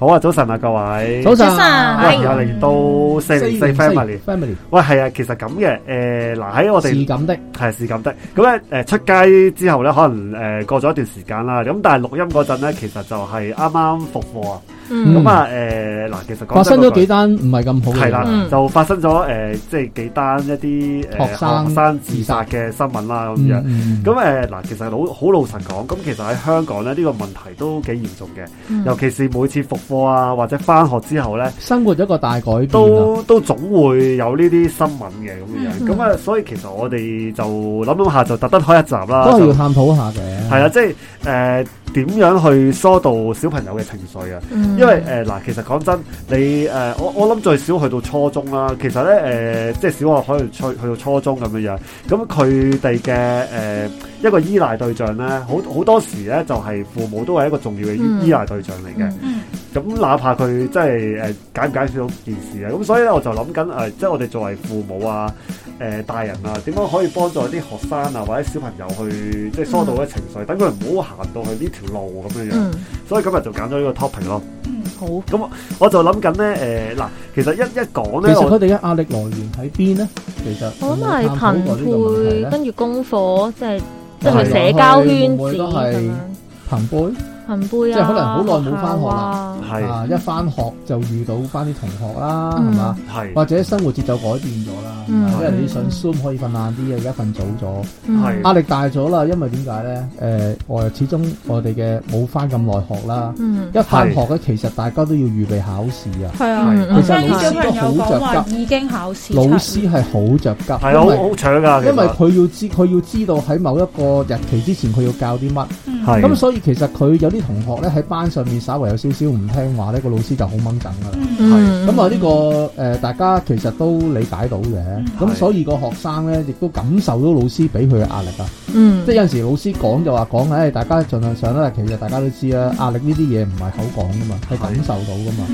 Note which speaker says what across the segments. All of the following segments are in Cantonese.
Speaker 1: 好啊，早晨啊，各位，早晨，哎、family, 喂，又嚟到四零四 family，喂，係啊，其實咁嘅，誒，嗱喺我哋，的，係、呃，是咁的，咁咧、啊，誒、呃，出街之後咧，可能誒、呃、過咗一段時間啦，咁但係錄音嗰陣咧，其實就係啱啱復課啊，咁、嗯、啊，誒，嗱，其實發生咗幾單唔
Speaker 2: 係咁好嘅，係啦、啊，嗯、
Speaker 1: 就發生咗誒、呃，即係幾單一啲、呃、學生自殺嘅新聞啦，咁樣，咁誒、嗯，嗱、嗯嗯呃，其實老好老實講，咁其實喺香港咧，呢、這個問題都幾嚴重嘅，尤其是每次復課啊，或者返學之後咧，生活一個大改變，都都總會有呢啲新聞嘅，咁樣，咁啊、嗯嗯，所以其實我哋就諗諗下，就特登開一集啦，都係要探討下嘅，係啊，即係誒。就係呃點樣去疏導小朋友嘅情緒啊？嗯、因為誒嗱、呃，其實講真，你誒、呃、我我諗最少去到初中啦、啊。其實咧誒，即、呃、係、就是、小學可以去去到初中咁樣樣。咁佢哋嘅誒一個依賴對象咧，好好多時咧就係、是、父母都係一個重要嘅依依賴對象嚟嘅。咁、嗯、哪怕佢即係誒解唔解決到件事啊？咁所以咧，我就諗緊誒，即係我哋作為父母啊、誒、呃、大人啊，點樣可以幫助啲學生啊或者小朋友去即係疏導嘅情緒，等佢唔好行到去呢條路咁嘅樣，嗯、所以今日就揀咗呢個 topic 咯。嗯，好。咁我，我就諗緊咧，誒，嗱，其實一一講咧，其實佢哋嘅
Speaker 2: 壓力來源喺邊咧？其實我諗係朋輩，跟
Speaker 3: 住功課，即
Speaker 2: 係即係社交圈子係朋輩。
Speaker 3: 即係可能好耐冇翻學啦，係啊！一翻
Speaker 2: 學就遇到翻啲同學啦，係嘛？係或者生活節奏改變咗啦，因為你想，zoom 可以瞓晏啲，而家瞓早咗，係壓力大咗啦。因為點解咧？誒，我始終我哋嘅冇翻咁耐學啦，一翻學咧其實大家都要預備考試啊。係啊，其實老師都好着急，
Speaker 3: 已經考
Speaker 4: 試。老師
Speaker 2: 係好着急，係好好長㗎。因為佢要知佢要知道喺某一個日期之前，佢要教啲乜，係咁，所以其實佢有啲。同學咧喺班上面稍為有少少唔聽話咧，個老師就好掹整噶啦。係咁啊，呢、這個誒、呃，大家其實都理解到嘅。咁、嗯、所以個學生咧，亦都感受到老師俾佢嘅壓力啊。嗯，即係有陣時老師講就話講，誒、哎，大家盡量上啦。其實大家都知啦，壓力呢啲嘢唔係口講噶嘛，係感受到噶嘛。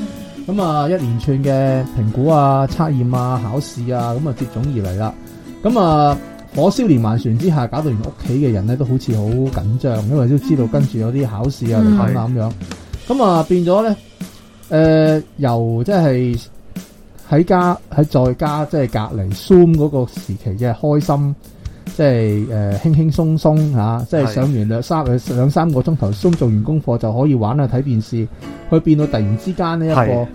Speaker 2: 咁啊、嗯，一連串嘅評估啊、測驗啊、考試啊，咁啊接踵而嚟啦。咁啊。呃火燒連環船之下，搞到連屋企嘅人咧都好似好緊張，因為都知道跟住有啲考試啊、嚟咁、嗯、樣咁樣。咁啊的變咗咧，誒、呃、由即係喺家喺在家即係、就是、隔離 Zoom 嗰個時期嘅開心，即係誒輕輕鬆鬆吓，即係上完兩三兩三個鐘頭 Zoom 做完功課就可以玩啊睇電視，去變到突然之間呢一個。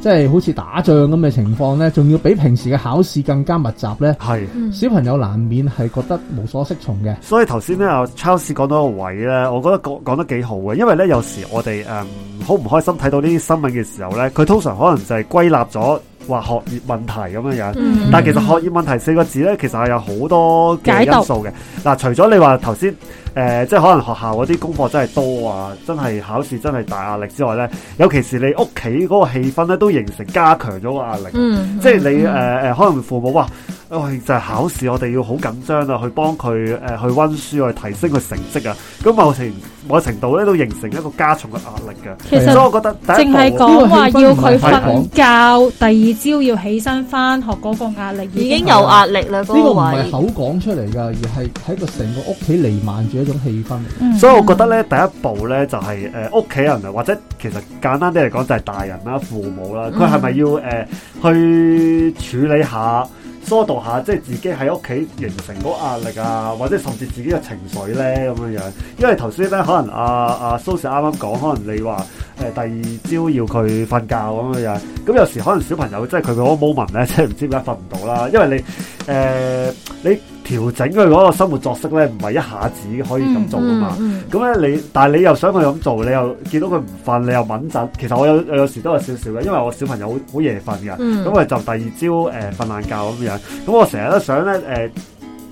Speaker 2: 即係好似打仗咁嘅情況呢，仲要比平時嘅考試更加密集呢。係是，小朋友難免係覺得無所適從嘅。
Speaker 1: 所以頭先呢，阿 Charles 講到一個位呢，我覺得講講得幾好嘅，因為呢，有時我哋誒、嗯、好唔開心睇到呢啲新聞嘅時候呢，佢通常可能就係歸納咗。話學業問題咁樣樣，嗯、但係其實學業問題四個字咧，其實係有好多嘅因素嘅。嗱讀，除咗你話頭先，誒、呃，即係可能學校嗰啲功課真係多啊，真係考試真係大壓力之外咧，尤其是你屋企嗰個氣氛咧，都形成加強咗個壓力嗯。嗯，即係你誒誒、呃，可能父母啊。哦、就係、是、考試，我哋要好緊張啦，去幫佢誒、呃、去温書，去提升佢成績啊！咁某程某程度咧，都形成一個加重嘅壓力㗎。其實所以我覺得第一，淨係講話要佢瞓
Speaker 3: 覺，第二朝要起身返學嗰個壓力，已經有壓力啦。呢個唔係
Speaker 1: 口講出嚟㗎，而係喺個成個屋企瀰漫住一種氣氛。嗯、所以，我覺得咧，第一步咧就係誒屋企人或者其實簡單啲嚟講就係大人啦、父母啦，佢係咪要誒、呃、去處理下？疏導下，即係自己喺屋企形成個壓力啊，或者甚至自己嘅情緒咧咁樣樣。因為頭先咧，可能阿、啊、阿、啊、蘇 Sir 啱啱講，可能你話誒、呃、第二朝要佢瞓覺咁樣樣，咁有時可能小朋友即係佢個 moment 咧，即係唔知點解瞓唔到啦。因為你誒、呃、你。調整佢嗰個生活作息咧，唔係一下子可以咁做㗎嘛。咁咧、嗯嗯、你，但係你又想佢咁做，你又見到佢唔瞓，你又敏陣。其實我有有時都有少少嘅，因為我小朋友好好夜瞓嘅。咁啊、嗯、就第二朝誒瞓晏覺咁樣。咁我成日都想咧誒。呃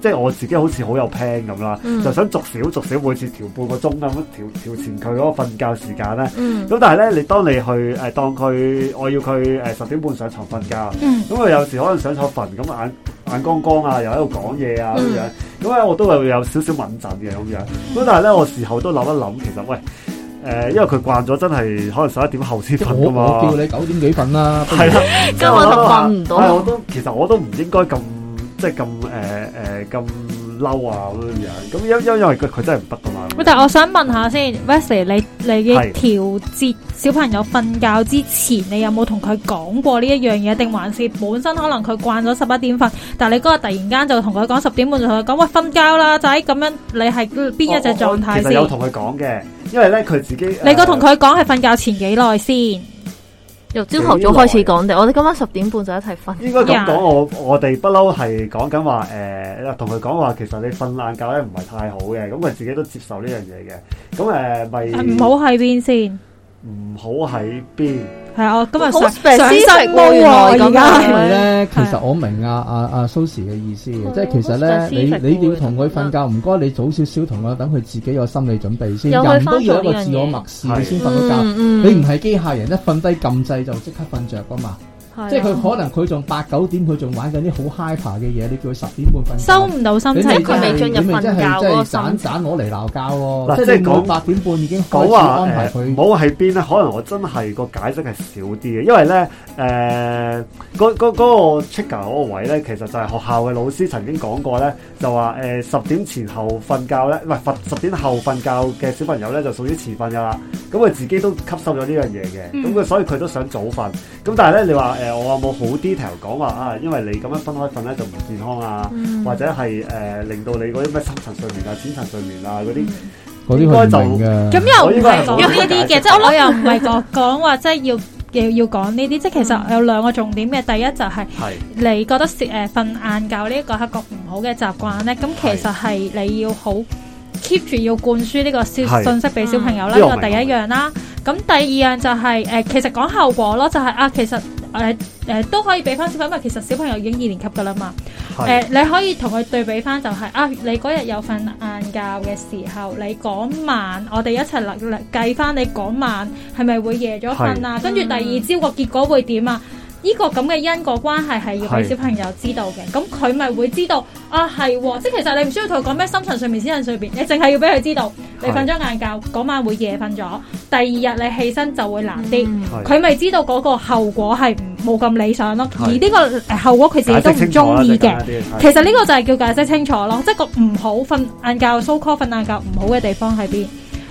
Speaker 1: 即係我自己好似好有 plan 咁啦，嗯、就想逐少逐少每次調半個鐘咁調調前佢嗰個瞓覺時間咧。咁、嗯、但係咧，你當你去誒當佢我要佢誒十點半上床瞓覺，咁佢、嗯、有時可能上床瞓，咁眼眼光光啊，又喺度講嘢啊咁、嗯、樣。咁啊我都係會有少少敏陣嘅咁樣。咁但係咧，我時候都諗一諗，其實喂誒、呃，因為佢慣咗，真係可能十一點後先瞓噶嘛我。我叫你九點幾瞓、啊啊、啦，係啦，即我都瞓唔到。係我都其實我都唔應該咁。即係咁誒、誒咁嬲啊咁樣，咁因因因為佢真係唔得噶嘛。喂，
Speaker 3: 但係我想問下先，Vessie 你你嘅調節是小朋友瞓覺之前，你有冇同佢講過呢一樣嘢，定還是本身可能佢慣咗十一點瞓，但係你嗰日突然間就同佢講十點半，就同佢講，喂瞓覺啦仔，咁樣，你係邊一隻狀態先？其實有同佢
Speaker 1: 講嘅，因為咧佢自己。你個同佢
Speaker 3: 講係瞓覺前幾耐先？由朝頭早開始講定，我哋今晚十點半就一齊瞓。應該
Speaker 1: 咁講，我我哋不嬲係講緊話，誒、呃，同佢講話，其實你瞓晏覺咧唔係太好嘅，咁佢自己都接受呢樣嘢嘅。咁誒，咪唔好
Speaker 3: 喺邊先？
Speaker 1: 唔好喺邊，係啊！今日想死
Speaker 4: 烏
Speaker 2: 咁因為咧，其實我明啊啊啊蘇士嘅意思，即係其實咧，你你要同佢瞓覺，唔該你早少少同佢，等佢自己有心理準備先，人都要一個自我默視你先瞓到覺。你唔係機械人，一瞓低撳掣就即刻瞓着噶嘛。
Speaker 3: 即係佢可能
Speaker 2: 佢仲八九點佢仲玩緊啲好 hyper 嘅嘢，你叫佢十點半瞓，收唔到心，即佢未進入瞓覺個心，盞盞攞嚟鬧交咯。即係講八點半已經改佢？
Speaker 1: 冇喺邊咧？可能我真係個解釋係少啲嘅，因為咧，誒、呃，嗰嗰嗰個 trigger 嗰、嗰個位咧，其實就係學校嘅老師曾經講過咧，就話誒十點前後瞓覺咧，唔係十點後瞓覺嘅小朋友咧就屬於遲瞓噶啦。咁佢自己都吸收咗呢樣嘢嘅，咁佢所以佢都想早瞓。咁但係咧，你話誒。呃我有冇好 detail 講話啊？因為你咁樣分開瞓咧，就唔健康啊，嗯、或者係誒、呃、令到你嗰啲咩深層睡眠啊、淺層睡眠啊嗰啲啲，應該明嘅。咁又唔係講呢啲嘅，即我又
Speaker 4: 唔係講
Speaker 3: 講話，即係要要講呢啲。即係 其實有兩個重點嘅。第一就係、是，是你覺得誒瞓晏覺呢一個係個唔好嘅習慣咧。咁其實係你要好 keep 住是要灌輸呢個信是息俾小朋友啦。呢、嗯、個第一樣啦、啊，咁第二樣就係、是、誒、呃，其實講後果咯，就係、是、啊，其實。誒誒、呃呃、都可以俾翻小朋友，其實小朋友已經二年級噶啦嘛。誒是、呃，你可以同佢對比翻、就係，就係啊，你嗰日有瞓晏覺嘅時候，你嗰晚我哋一齊嚟嚟計翻，你嗰晚係咪會夜咗瞓啊？跟住是第二朝個結果會點啊？嗯呢個咁嘅因果關係係要俾小朋友知道嘅，咁佢咪會知道啊係、哦，即係其實你唔需要同佢講咩深層上面、淺層上面，你淨係要俾佢知道你瞓咗晏覺嗰是晚會夜瞓咗，第二日你起身就會難啲，佢咪、嗯、知道嗰個後果係冇咁理想咯。是而呢個後果佢自己都唔中意嘅。其實呢個就係叫解釋清楚咯，即係個唔好瞓晏覺、so call 瞓晏覺唔好嘅地方喺邊。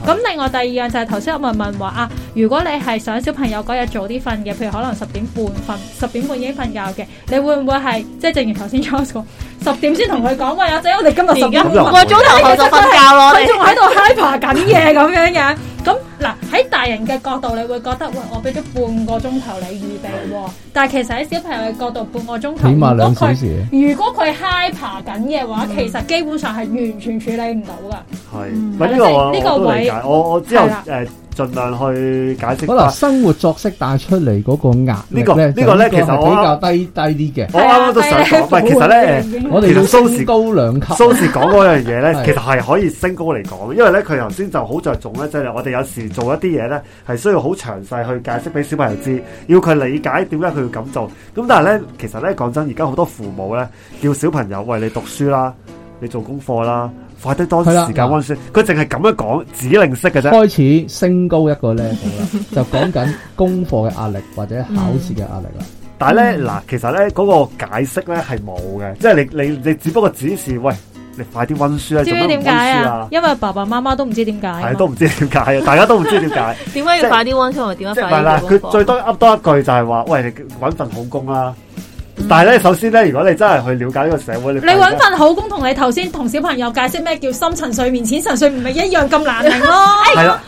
Speaker 3: 咁另外第二樣就係頭先我問問話啊，如果你係想小朋友嗰日早啲瞓嘅，譬如可能十點半瞓，十點半已經瞓覺嘅，你會唔會係即係正如頭先 Charles 十點先同佢講話，阿仔，我哋今日十點。而家早頭我就瞓覺咯，佢仲喺度嗨 y p e r 緊嘅咁樣嘅。咁嗱喺大人嘅角度，你會覺得喂，我俾咗半個鐘頭你預備，對但係其實喺小朋友嘅角度，半個鐘頭，如果佢如果佢嗨 y p e r 緊嘅話，嗯、其實基本上係完全處理唔到噶。
Speaker 1: 係，即個呢個位我，我我之後誒。的儘量去解釋。可能
Speaker 2: 生活作息帶出嚟嗰個壓力，呢個呢個咧其實比較
Speaker 1: 低低啲嘅。我啱啱都想講，唔係其實咧，我哋其實蘇士高兩級。蘇士講嗰樣嘢咧，其實係 可以升高嚟講，因為咧佢頭先就好着重咧，即係我哋有時做一啲嘢咧，係需要好詳細去解釋俾小朋友知，要佢理解點解佢要咁做。咁但係咧，其實咧講真，而家好多父母咧，叫小朋友為你讀書啦，你做功課啦。快啲多時間溫書，佢淨係咁樣講，指令式嘅啫。開
Speaker 2: 始升高一個 level，就
Speaker 1: 講緊功課嘅壓力或者考試嘅壓力啦。嗯、但係咧嗱，嗯、其實咧嗰、那個解釋咧係冇嘅，即、就、係、是、你你你，你只不過指示：「喂，你快啲溫書啊，做乜溫書啊？
Speaker 3: 因為爸爸媽媽都唔知點解，係
Speaker 1: 都唔知點解，大家都唔知點解。點解要
Speaker 3: 快啲溫書，又點樣快啲溫書？佢最
Speaker 1: 多噏多一句就係話，喂，你搵份好工啦、啊。」但係咧，首先咧，如果你真係去了解呢個社會，你你揾份
Speaker 3: 好工，同你頭先同小朋友解釋咩叫深沉睡眠、淺沉睡眠，咪一樣咁難明咯。係咯、 哎，哎、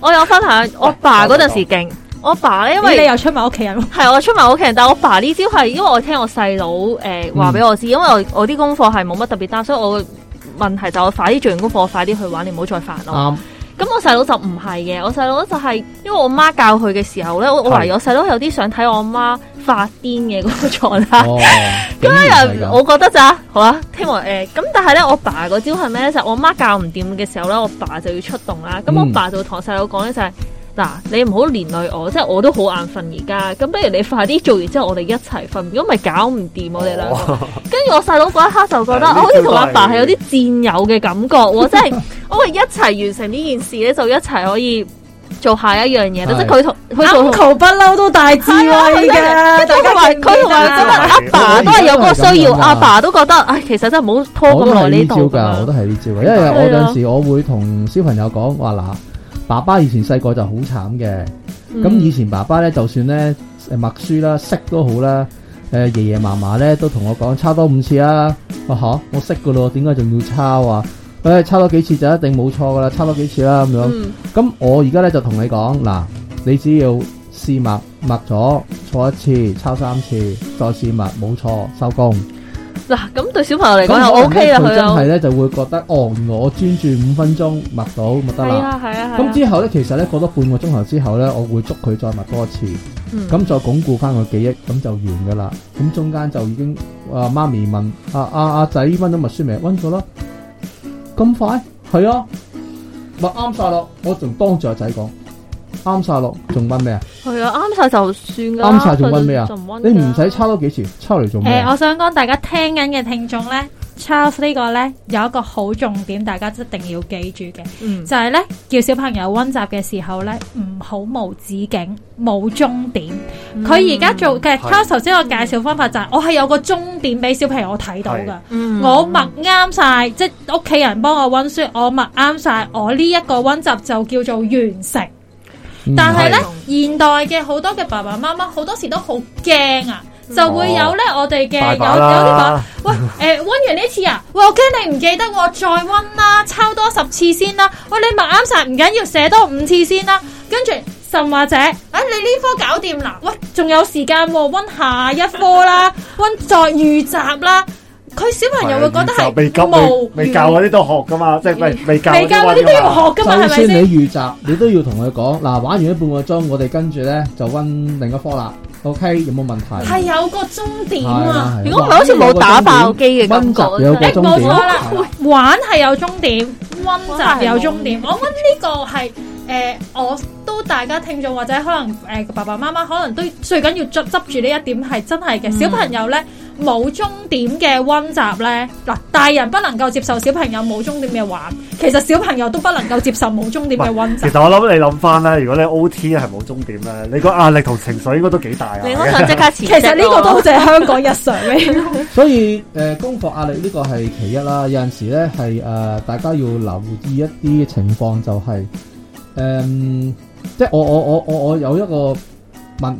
Speaker 3: 我有分享，喂我爸嗰陣時勁，喂我爸咧因為你又出埋屋企人，係 我出埋屋企人，但係我爸呢招係因為我聽我細佬誒話俾我知，因為我我啲功課係冇乜特別多，所以我問題就我快啲做完功課，我快啲去玩，你唔好再煩咯。嗯咁我細佬就唔係嘅，我細佬就係、是，因為我媽教佢嘅時候咧，的我懷疑我細佬有啲想睇我媽發癲嘅嗰個狀態，
Speaker 4: 咁啊、哦，我
Speaker 3: 覺得咋，好啊、 嗯，聽我誒，咁但係咧，我爸個招係咩咧？就係我媽教唔掂嘅時候咧，我爸就要出動啦。咁我爸就同我細佬講咧就係。嗱，你唔好連累我，即係我都好眼瞓而家，咁不如你快啲做完之後，我哋一齊瞓。如果唔係搞唔掂我哋兩個。跟住我細佬嗰一刻就覺得，好似同阿爸係有啲戰友嘅感覺喎，即係我哋一齊完成呢件事咧，就一齊可以做下一樣嘢。即係佢同阿球不嬲都大致嘅，跟住佢同佢
Speaker 2: 話阿爸都係有嗰個需要，阿爸
Speaker 3: 都覺得，唉，其實真係唔好拖咁耐呢度。我
Speaker 2: 都係呢招。因為我有陣時我會同小朋友講話嗱。爸爸以前細個就好慘嘅，咁、嗯、以前爸爸咧就算咧默書啦，識都好啦，誒、呃、爺爺嫲嫲咧都同我講抄多五次啦啊！哇嚇，我識噶咯，點解仲要抄啊？誒、欸、抄多幾次就一定冇錯噶啦，抄多幾次啦咁樣。咁、嗯、我而家咧就同你講嗱，你只要試默默咗錯一次，抄三次，再試默冇錯收工。
Speaker 3: 嗱，咁對小朋友嚟講又 OK 啦，佢又佢真係
Speaker 2: 咧就會覺得哦，我專注五分鐘默到，咪得啦。係啊，係啊，係。咁之後咧，其實咧過多半個鐘頭之後咧，我會捉佢再默多一次，咁再鞏固翻個記憶，咁就完噶啦。咁中間就已經啊媽咪問阿阿阿仔溫咗默書未？溫咗啦，咁快係啊，默啱晒，咯，我仲當住阿仔講。啱晒咯，仲溫咩啊？係啊，
Speaker 3: 啱晒就算噶。啱晒仲溫咩啊？你唔使
Speaker 2: 差多幾次，抄嚟做咩？誒，我
Speaker 3: 想講大家聽緊嘅聽眾咧，Charles 呢個咧有一個好重點，大家一定要記住嘅，就係咧，叫小朋友溫習嘅時候咧，唔好無止境冇終點。佢而家做嘅 Charles 頭先個介紹方法就係我係有個終點俾小朋友睇到噶，我默啱晒，即係屋企人幫我溫書，我默啱晒，我呢一個溫習就叫做完成。但係咧，嗯、現代嘅好多嘅爸爸媽媽，好多時都好驚啊，哦、就會有咧我哋嘅拜有有啲話，喂，誒溫完呢次啊，我驚你唔記得我再溫啦，抄多十次先啦，喂你咪啱晒，唔緊要，寫多五次先啦，跟住甚或者，啊、哎、你呢科搞掂啦，喂仲有時間喎，啊，溫下一科啦，溫再預習啦。佢小朋友會覺
Speaker 1: 得係冇未教嗰啲都學噶嘛，即係未
Speaker 2: 未教嗰啲都要學噶嘛，係咪先？就算你預習，你都要同佢講。嗱，玩完一半個鐘，我哋跟住咧就溫另一科啦。OK，有冇問題？係
Speaker 3: 有個終點啊，如果唔係好似冇打爆機嘅感覺，即係冇咗啦。玩係有終點，溫習有終點。我溫呢個係誒，我都大家聽咗，或者可能誒，爸爸媽媽可能都最緊要執執住呢一點係真係嘅。小朋友咧。冇終點嘅溫習咧，嗱，大人不能夠接受小朋友冇終點嘅玩，其實小朋友都不能夠接受冇終點嘅溫習。其實
Speaker 1: 我諗你諗翻咧，如果你 OT 係冇終點咧，你個壓力同情緒應該都幾大啊。你我想即
Speaker 2: 刻辭職。
Speaker 4: 其實呢個都好似係香港日
Speaker 2: 常嘅。所以誒，功課壓力呢個係其一啦。有陣時咧係誒，大家要留意一啲情況就係誒，即係我我我我我有一個。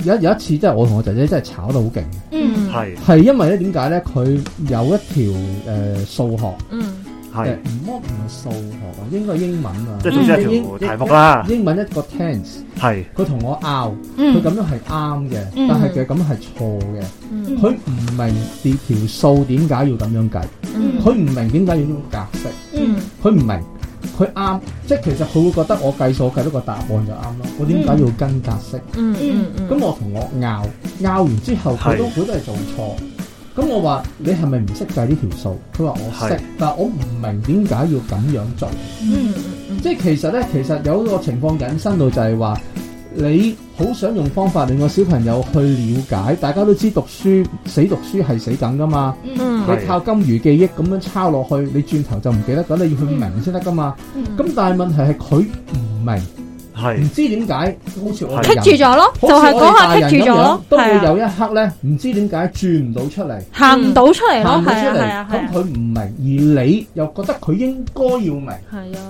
Speaker 2: 有有一次，即係我同我姐姐真係炒得好勁，係係因為咧點解咧？佢有一條誒數學，係唔係數學啊？應該係英文啊，即係總之係條題目啦。英文一個 tense，係佢同我拗，佢咁樣係啱嘅，但係佢咁樣係錯嘅。佢唔明呢條數點解要咁樣計，佢唔明點解要呢種格式，佢唔明。佢啱，即係其實佢會覺得我計數我計到個答案就啱啦。我點解要跟格式？嗯嗯嗯。咁、嗯嗯嗯、我同我拗拗完之後，佢是都佢都係做錯。咁我話你係咪唔識計呢條數？佢話我識，是但係我唔明點解要咁樣做。嗯嗯，嗯即係其實咧，其實有一個情況引申到就係話。你好想用方法令個小朋友去了解，大家都知讀書死讀書係死梗噶嘛？嗯，你靠金魚記憶咁樣抄落去，你轉頭就唔記得咁，你要去明先得噶嘛？咁但係問題係佢唔明。係，唔知點解，好似我棘住咗咯，就係嗰下棘住咗咯，都會有一刻咧，唔知點解轉唔到出嚟，行唔到出嚟咯，咁佢唔明，而你又覺得佢應該要明，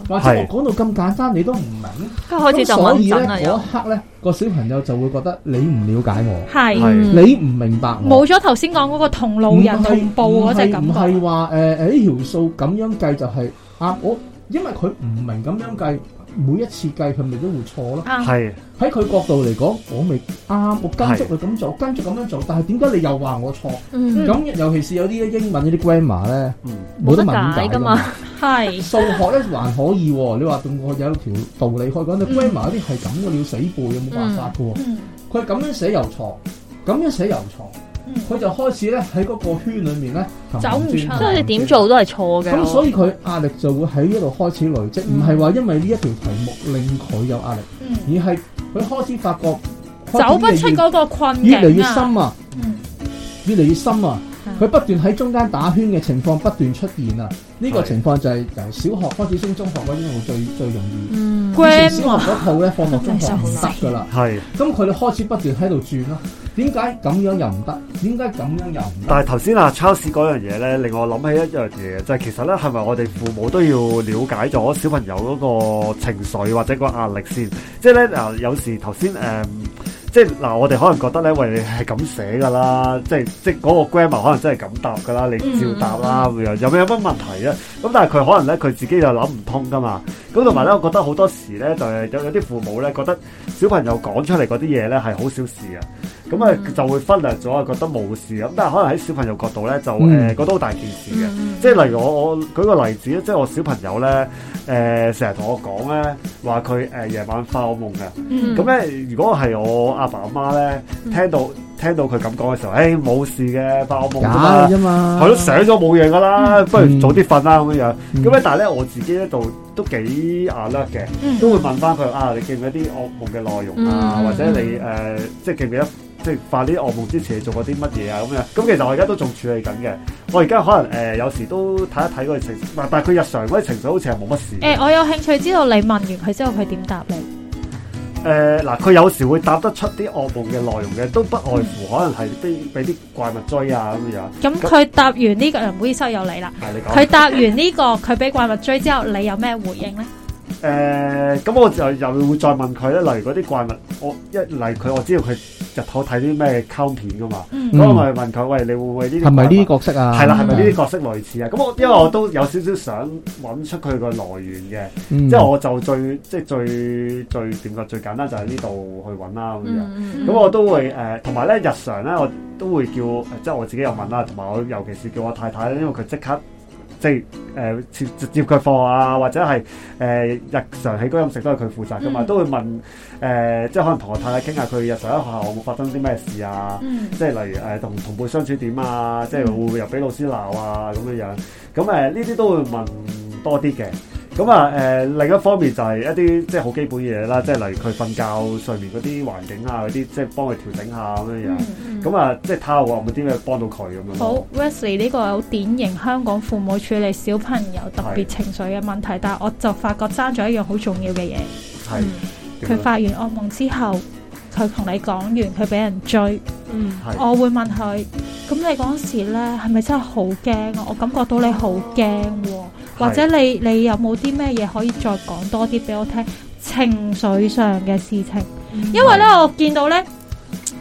Speaker 2: 或者我講到咁簡單，你都唔明，咁所以咧，嗰刻咧，個小朋友就會覺得你唔了解我，係你唔明白，冇
Speaker 3: 咗頭先講嗰個同路人同步嗰隻感覺，
Speaker 2: 唔係話誒誒，呢條數咁樣計就係啊我，因為佢唔明咁樣計。每一次計佢咪都會錯咯，喺佢、啊、角度嚟講，我咪啱。我跟住佢咁做，跟住咁樣做，但係點解你又話我錯？咁、嗯、尤其是有啲英文嗰啲 grammar 咧、嗯，冇得解㗎嘛。
Speaker 3: 係
Speaker 2: 數學咧還可以，你話仲有一條道理可以講、嗯、你 grammar 嗰啲係咁嘅，你要死背有冇辦法嘅？佢咁、嗯、樣寫又錯，咁樣寫又錯。佢就開始咧喺嗰個圈裏面咧走唔出，所以點做都
Speaker 3: 係錯嘅。咁所以佢
Speaker 2: 壓力就會喺呢度開始累積，唔係話因為呢一條題目令佢有壓力，而係佢開始發覺走不出嗰個
Speaker 3: 困境啊，越嚟越深啊，
Speaker 2: 越嚟越深啊。佢不斷喺中間打圈嘅情況不斷出現啊。呢個情況就係由小學開始升中學嗰啲，我最最容易。
Speaker 1: 嗯，小
Speaker 2: 學嗰套咧，放落中學唔塞噶啦，係。咁佢哋開始不斷喺度轉咯。點解咁樣又唔得？點解咁樣又唔得？
Speaker 1: 但係頭先啊，超市嗰樣嘢咧，令我諗起一樣嘢就係其實咧，係咪我哋父母都要了解咗小朋友嗰個情緒或者個壓力先？即係咧嗱，有時頭先誒，即係嗱，我哋可能覺得咧，喂係咁寫噶啦，即係即係嗰個 grammar 可能真係咁答噶啦，你照答啦，嗯、樣又又咩有乜問題啊？咁但係佢可能咧，佢自己又諗唔通噶嘛。咁同埋咧，我覺得好多時咧，就係有有啲父母咧，覺得小朋友講出嚟嗰啲嘢咧，係好小事啊。咁啊就會忽略咗，覺得冇事咁。但係可能喺小朋友角度咧，就誒覺得好大件事嘅。即係例如我我舉個例子咧，即係我小朋友咧，誒成日同我講咧，話佢誒夜晚發惡夢嘅。咁咧，如果係我阿爸阿媽咧，聽到聽到佢咁講嘅時候，誒冇事嘅，發惡夢啫嘛。啫嘛，係咯，醒咗冇嘢噶啦，不如早啲瞓啦咁樣樣。咁咧，但係咧，我自己咧就都幾 alert 嘅，都會問翻佢啊，你記唔記得啲惡夢嘅內容啊？或者你誒即係記唔記得？」即係發啲噩夢之前做過啲乜嘢啊咁樣，咁其實我而家都仲處理緊嘅。我而家可能誒、呃、有時都睇一睇佢情緒，唔係但係佢日常嗰啲情緒好似係冇乜事。誒、欸，
Speaker 3: 我有興趣知道你問完佢之後佢點答你？
Speaker 1: 誒、呃、嗱，佢有時會答得出啲噩夢嘅內容嘅，都不外乎、嗯、可能係俾俾啲怪物追啊咁樣。咁佢、嗯、
Speaker 3: 樣答完呢、這個唔好意思有你啦，你講，佢答完呢、這個佢俾怪物追之後，你有咩回
Speaker 1: 應咧？嗯誒咁、呃、我就又會再問佢咧，例如嗰啲怪物，我一嚟佢我知道佢日頭睇啲咩卡通片噶嘛，咁、嗯、我係問佢喂，你會唔會呢啲？係咪呢啲角色啊？係啦，係咪呢啲角色類似啊？咁、嗯、我因為我都有少少想揾出佢個來源嘅，嗯、即係我就最即係最最點講最簡單就喺呢度去揾啦咁樣。咁、嗯、我都會誒，同埋咧日常咧我都會叫，即、就、係、是、我自己又問啦，同埋我尤其是叫我太太咧，因為佢即刻。即係誒、呃，接接佢嘅課啊，或者係誒、呃、日常起居飲食都係佢負責㗎嘛，嗯、都會問誒、呃，即係可能同阿太太傾下佢日常喺學校有冇發生啲咩事啊，嗯、即係例如誒同同伴相處點啊，即係會唔會又俾老師鬧啊咁樣樣，咁誒呢啲都會問多啲嘅。咁啊，誒、呃、另一方面就係一啲即係好基本嘢啦，即係例如佢瞓覺睡眠嗰啲環境啊，嗰啲即係幫佢調整下咁樣樣。咁、嗯嗯、啊，即係睇下我有冇啲咩幫到佢咁樣。好、嗯
Speaker 3: ，Wesley 呢個好典型香港父母處理小朋友特別情緒嘅問題，是但係我就發覺爭咗一樣好重要嘅嘢。係
Speaker 4: 是。佢、嗯、發完
Speaker 3: 噩夢之後，佢同你講完，佢俾人追。嗯。是我會問佢。咁你嗰時咧，係咪真係好驚啊？我感覺到你好驚，啊，是或者你你有冇啲咩嘢，可以再講多啲俾我聽？情緒上嘅事情，嗯、因為咧是我見到咧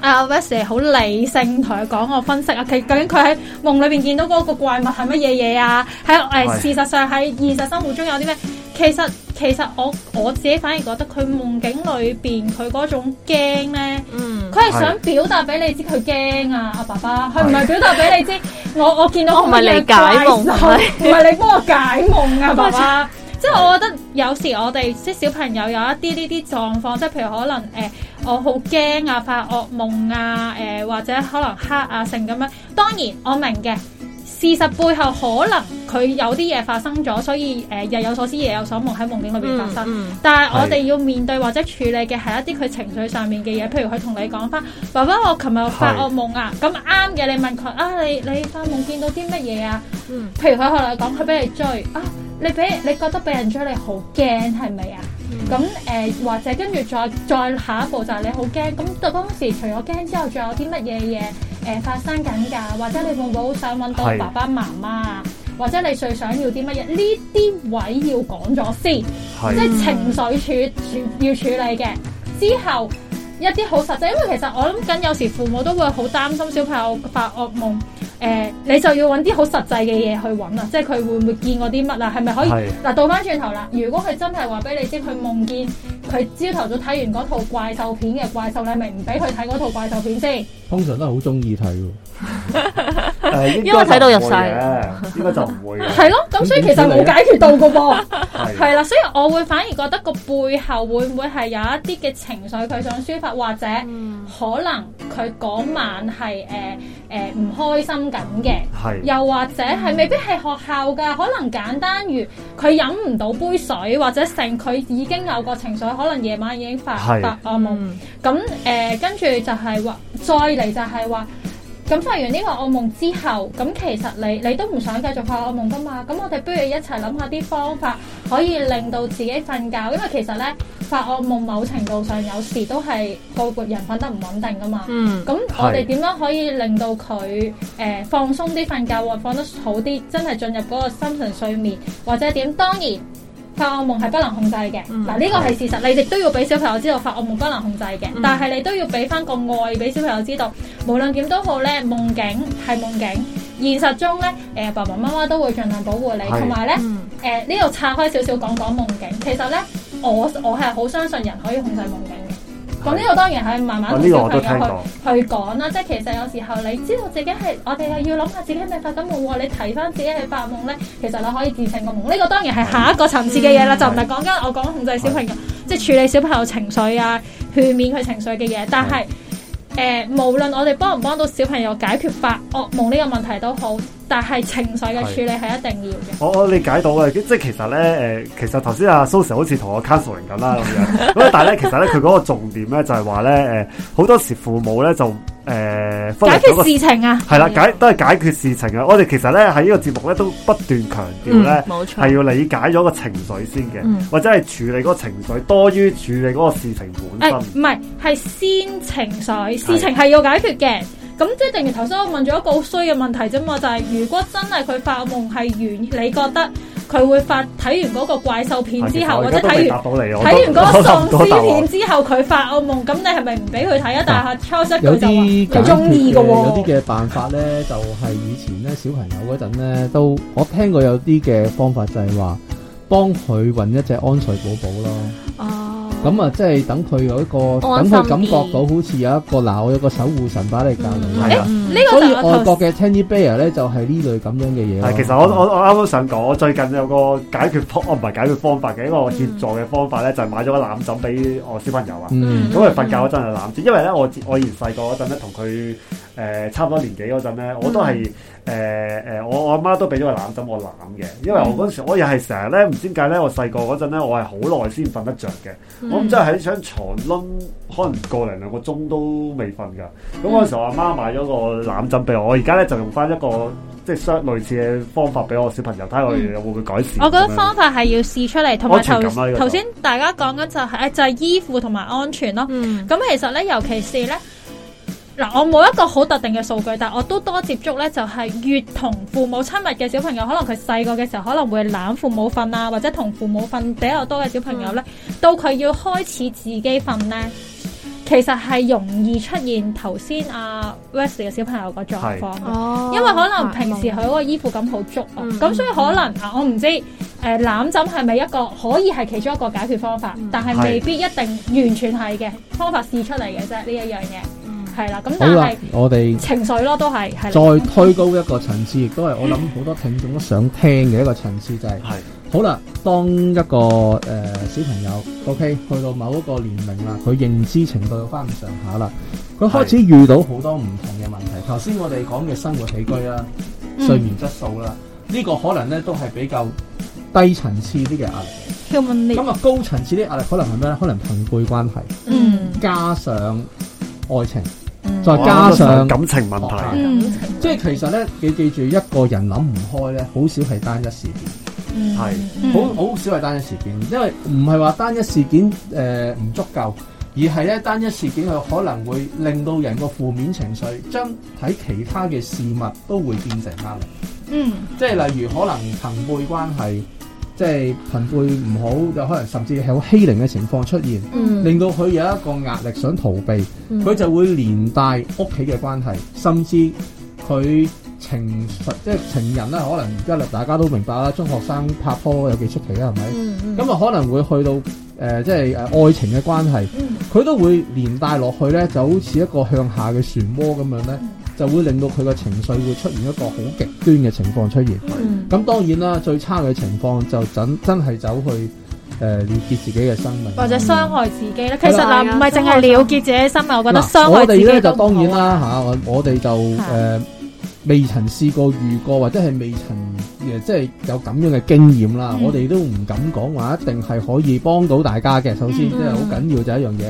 Speaker 3: 阿 Wes Sir 好理性同佢講，我分析啊，佢究竟佢喺夢裏邊見到嗰個怪物係乜嘢嘢啊？喺誒是、呃、事實上喺現實生活中有啲咩？其實。其實我我自己反而覺得佢夢境裏邊佢嗰種驚咧，佢係、嗯、想表達俾你知佢驚啊，阿爸爸，佢唔係表達俾你知我， 我我見到我唔係你解夢，唔係 你幫我解夢啊， 爸爸。 即係我覺得有時我哋即係小朋友有一啲呢啲狀況，即係譬如可能誒、呃、我好驚啊，發噩夢啊，誒、呃、或者可能黑啊成咁樣。當然我明嘅。事實背後可能佢有啲嘢發生咗，所以誒日、呃、有所思夜有所夢喺夢境裏邊發生。嗯嗯、但係我哋要面對或者處理嘅係一啲佢情緒上面嘅嘢，譬如佢同你講翻：的爸爸，我琴日發噩夢啊！咁啱嘅，你問佢啊，你你發夢見到啲乜嘢啊？嗯，譬如佢後來講佢俾你追啊，你俾你覺得俾人追你好驚係咪啊？咁誒、嗯呃、或者跟住再再下一步就係你好驚，咁到當時除咗驚之後，仲有啲乜嘢嘢？誒發生緊㗎，或者你會唔會好想揾到爸爸媽媽啊，是或者你最想要啲乜嘢？呢啲位要講咗先，是即係情緒處要處,處理嘅。之後一啲好實際，因為其實我諗緊，有時父母都會好擔心小朋友發噩夢。誒、呃，你就要揾啲好實際嘅嘢去揾啦，即係佢會唔會見過啲乜啊？係咪可以？嗱，倒翻轉頭啦。如果佢真係話俾你知，佢夢見佢朝頭早睇完嗰套怪獸片嘅怪獸咧，你咪唔俾佢睇嗰套怪獸片先。
Speaker 2: 通常都係好中意睇喎。因該睇到
Speaker 3: 入世
Speaker 1: 嘅， 應該就唔會。係咯，咁所以其實冇解
Speaker 3: 決到噶噃。係啦，嗯， 所以我會反而覺得個背後會唔會係有一啲嘅情緒佢想抒發，或者可能佢嗰晚係誒誒唔開心緊嘅。又或者係未必係學校噶，可能簡單如佢飲唔到杯水，或者成佢已經有個情緒，可能夜晚已經發發噩夢。咁誒的，跟住，嗯嗯呃，就係，是，話，再嚟就係，是，話。咁發完呢個噩夢之後，咁其實你你都唔想繼續發噩夢噶嘛？咁我哋不如一齊諗下啲方法，可以令到自己瞓覺。因為其實咧，發噩夢某程度上有時都係個人瞓得唔穩定噶嘛。嗯。咁我哋點樣可以令到佢誒是、呃、放鬆啲瞓覺，放得好啲，真係進入嗰個深層睡眠或者點？當然。發惡夢係不能控制嘅。嗱，呢個係事實。嗯、你哋都要俾小朋友知道發惡夢不能控制嘅，嗯、但係你都要俾翻個愛俾小朋友知道，無論點都好咧，夢境係夢境，現實中咧，誒爸爸媽媽都會盡量保護你，同埋咧，誒呢度、嗯呃、拆開少少講講夢境。其實咧、嗯，我我係好相信人可以控制夢。咁呢、嗯、個當然係慢慢同小朋友、哦這個、去去講啦，即係其實有時候你知道自己係，我哋又要諗下自己係咪發緊夢喎？你提翻自己係發夢咧，其實你可以自稱個夢。呢、這個當然係下一個層次嘅嘢啦，嗯、就唔係講緊我講控制小朋友，嗯、即係處理小朋友情緒啊，避免佢情緒嘅嘢。但係誒、嗯呃，無論我哋幫唔幫到小朋友解決發噩夢呢個問題都好。但係情緒嘅處理係一
Speaker 1: 定要嘅。我我理解到嘅，即係其實咧，誒、呃，其實頭先阿蘇 Sir 好似同我 counseling 咁啦，咁樣。咁但係咧，其實咧，佢嗰個重點咧就係話咧，誒，好多時父母咧就誒、呃、解決事
Speaker 3: 情啊，係啦，解
Speaker 1: 都係解決事情啊。我哋其實咧喺呢個節目咧都不斷強調咧，冇錯、嗯，係要理解咗個情緒先嘅，嗯、或者係處理嗰個情緒多於處理嗰個事情本身。
Speaker 3: 唔係、欸，係先情緒，事情係要解決嘅。咁即係，正如頭先我問咗一個好衰嘅問題啫嘛，就係如果真係佢發噩夢係完，你覺得佢會發睇完嗰個怪獸片之後，或者睇完睇完嗰都個喪屍片之後佢發噩夢，咁都你係咪唔俾佢睇啊？但係挑失，佢就話，你中意嘅喎。有啲
Speaker 2: 嘅辦法咧，就係以前咧小朋友嗰陣咧，都我聽過有啲嘅方法就係話，幫佢揾一隻安睡寶寶咯。咁啊，即係等佢有一個，等佢感覺到好似有一個，嗱，我有個守護神把你教練，係、嗯、啊，嗯、所以外國嘅 Teddy Bear 咧就係、是、呢類咁樣嘅嘢、啊。係，其實我我
Speaker 1: 我啱啱想講，我最近有個解決方，我唔係解決方法嘅，因為我協助嘅方法咧就係買咗個攬枕俾我小朋友啊。咁佢瞓覺嗰陣係攬住，因為咧我我以前細個嗰陣咧同佢。誒、呃、差唔多年紀嗰陣咧，我都係誒誒，我我阿媽都俾咗個攬枕我攬嘅，因為我嗰陣時，我又係成日咧唔知點解咧，我細個嗰陣咧，我係好耐先瞓得着嘅，嗯、我真係喺張床窿，可能過嚟兩個鐘都未瞓㗎。咁嗰陣時，阿媽買咗個攬枕俾我，我而家咧就用翻一個即係相類似嘅方法俾我小朋友睇下我哋會唔會改善。嗯、樣我覺得方
Speaker 3: 法係要試出嚟，同埋頭頭先大家講緊就係、是、誒就係依附同埋安全咯。咁、嗯、其實咧，尤其是咧。嗱，我冇一個好特定嘅數據，但我都多接觸咧，就係、是、越同父母親密嘅小朋友，可能佢細個嘅時候可能會攬父母瞓啊，或者同父母瞓比較多嘅小朋友咧，嗯、到佢要開始自己瞓咧，其實係容易出現頭先阿 Wesley 嘅小朋友個狀況。哦，因為可能平時佢嗰個依附感好足啊，咁、嗯、所以可能啊，我唔知誒攬、呃、枕係咪一個可以係其中一個解決方法，嗯、但係未必一定是完全係嘅方法試出嚟嘅啫，呢一樣嘢。係啦，咁
Speaker 2: 我哋，情
Speaker 3: 緒咯，都係，係再推高
Speaker 2: 一個層次，亦都係我諗好多聽眾都想聽嘅一個層次，就係、是、係。的好啦，當一個誒、呃、小朋友，OK，去到某一個年齡啦，佢認知程度有翻咁上下啦，佢開始遇到好多唔同嘅問題。頭先的我哋講嘅生活起居啦、嗯、睡眠質素啦，呢、嗯、個可能咧都係比較低層次啲嘅壓力。咁啊，高層次啲壓力可能係咩咧？可能朋輩關係，嗯，加上愛情。再加上感情問題，嗯、即係其實咧，你記住一個人諗唔開咧，好少係單一事件，係好好少係單一事件，因為唔係話單一事件誒唔、呃、足夠，而係咧單一事件佢可能會令到人個負面情緒，將睇其他嘅事物都會變成壓力。嗯，即係例如可能長輩關係。即係貧富唔好，有可能甚至係好欺凌嘅情況出現，嗯、令到佢有一個壓力想逃避，佢、嗯、就會連帶屋企嘅關係，嗯、甚至佢情人即係情人咧，可能而家大家都明白啦，中學生拍拖有幾出奇啊，係咪？咁啊、嗯嗯、可能會去到誒、呃，即係誒愛情嘅關係，佢、嗯、都會連帶落去咧，就好似一個向下嘅漩渦咁樣咧。嗯就會令到佢個情緒會出現一個好極端嘅情況出現。咁當然啦，最差嘅情況就真真係走去誒了結自己嘅生命，
Speaker 3: 或者傷害自己咧。其實啊，唔係淨係了結自己嘅生命，我覺得傷害自己都唔好。
Speaker 2: 就當然啦吓，我哋就誒未曾試過遇過，或者係未曾誒即係有咁樣嘅經驗啦。我哋都唔敢講話一定係可以幫到大家嘅。首先，即係好緊要就一樣嘢。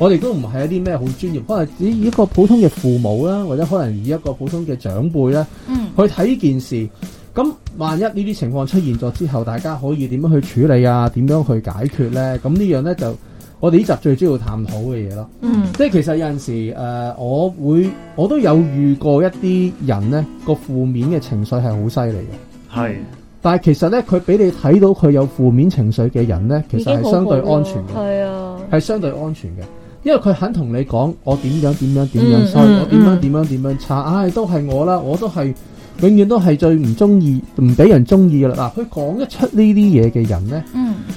Speaker 2: 我哋都唔係一啲咩好專業，可能以一個普通嘅父母啦，或者可能以一個普通嘅長輩啦，嗯，去睇呢件事。咁萬一呢啲情況出現咗之後，大家可以點樣去處理啊？點樣去解決呢？咁呢樣呢，就我哋呢集最主要探討嘅嘢咯。嗯，即係其實有陣時誒、呃，我會我都有遇過一啲人呢個負面嘅情緒係好犀利嘅。係是，但係其實呢，佢俾你睇到佢有負面情緒嘅人呢，其實係相對安全嘅。係
Speaker 4: 啊，係
Speaker 2: 相對安全嘅。因為佢肯同你講，我點樣點樣點樣，所以、嗯、Sorry, 我點樣點樣點樣差。唉、嗯嗯啊，都係我啦，我都係永遠都係最唔中意，唔俾人中意嘅啦。嗱，佢講得出呢啲嘢嘅人咧，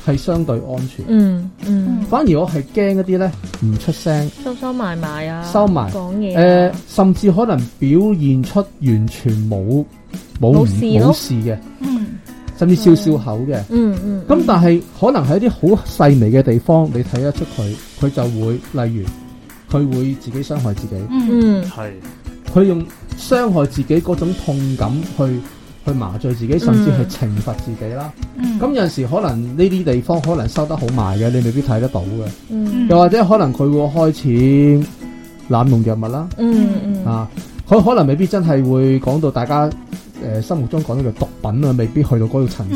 Speaker 2: 係相對安全嗯。嗯嗯，反而我係驚嗰啲咧唔出聲，收收埋埋啊，收埋講嘢。誒、呃，甚至可能表現出完全冇冇事冇事嘅。嗯。甚至笑笑口嘅、嗯，嗯嗯，咁但係可能喺啲好細微嘅地方，你睇得出佢，佢就會，例如佢會自己傷害自己，嗯，係、嗯，佢用傷害自己嗰種痛感去去麻醉自己，甚至係懲罰自己啦。咁、嗯嗯、有陣時可能呢啲地方可能收得好埋嘅，你未必睇得到嘅，嗯，又或者可能佢會開始濫用藥物啦，嗯嗯啊，佢可能未必真係會講到大家。誒生活中講到嘅毒品啊，未必去到嗰個層次。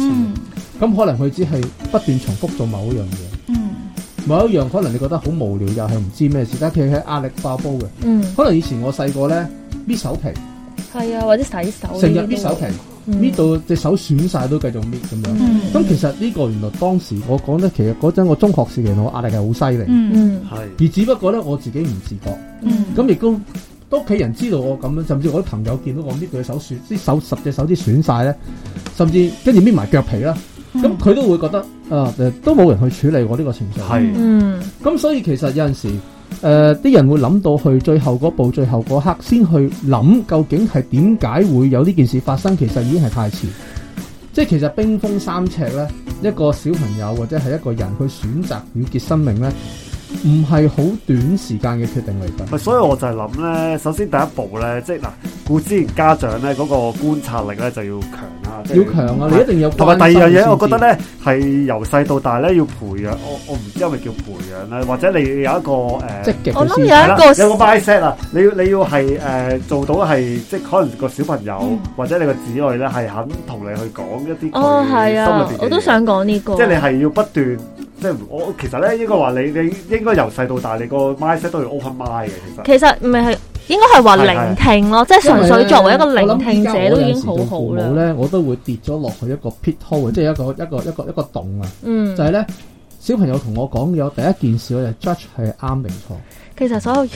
Speaker 2: 咁可能佢只係不斷重複做某一樣嘢，某一樣可能你覺得好無聊，又係唔知咩事。但係其實係壓力爆煲嘅。可能以前我細個咧搣手皮，
Speaker 3: 係啊，或者洗手，成日搣手皮，
Speaker 2: 搣到隻手損晒都繼續搣咁樣。咁其實呢個原來當時我講得，其實嗰陣我中學時期我壓力係好犀利，係。而只不過咧我自己唔自覺。咁亦都。屋企人知道我咁樣，甚至我啲朋友見到我搣對手損，啲手十隻手指損晒咧，甚至跟住搣埋腳皮啦，咁佢、嗯、都會覺得啊、呃，都冇人去處理我呢個情緒。係、嗯，咁所以其實有陣時，誒、呃、啲人會諗到去最後嗰步、最後嗰刻先去諗究竟係點解會有呢件事發生，其實已經係太遲。即係其實冰封三尺咧，一個小朋友或者係一個人去選擇了結生命咧。唔係好短時間嘅決定嚟噶，
Speaker 1: 所以我就係諗咧，首先第一步咧，即係嗱，顧之然家長咧嗰個觀察力咧就要強啦，要強啊，你一定要同埋第二樣嘢，我覺得咧係由細到大咧要培養，我我唔知係咪叫培養咧，或者你有一個誒積極嘅思想啦，我諗有一個有個 mindset 啊，你要你要係誒做到係即係可能個小朋友或者你個子女咧係肯同你去講一啲哦係啊，我都
Speaker 3: 想講呢個，即係你係
Speaker 1: 要不斷。即係我其實咧，應該話你你應該由細到大，你個 mindset 都要 open mind 嘅。其實其實
Speaker 3: 唔係，係應該係話聆聽咯，即係純粹作為一個聆聽者都已經好好啦。咧，
Speaker 2: 我都會跌咗落去一個 pit hole，即係一個一個一個一個洞啊。嗯，就係咧，小朋友同我講嘅第一件事，我就 judge 係啱定錯。
Speaker 3: 其實所有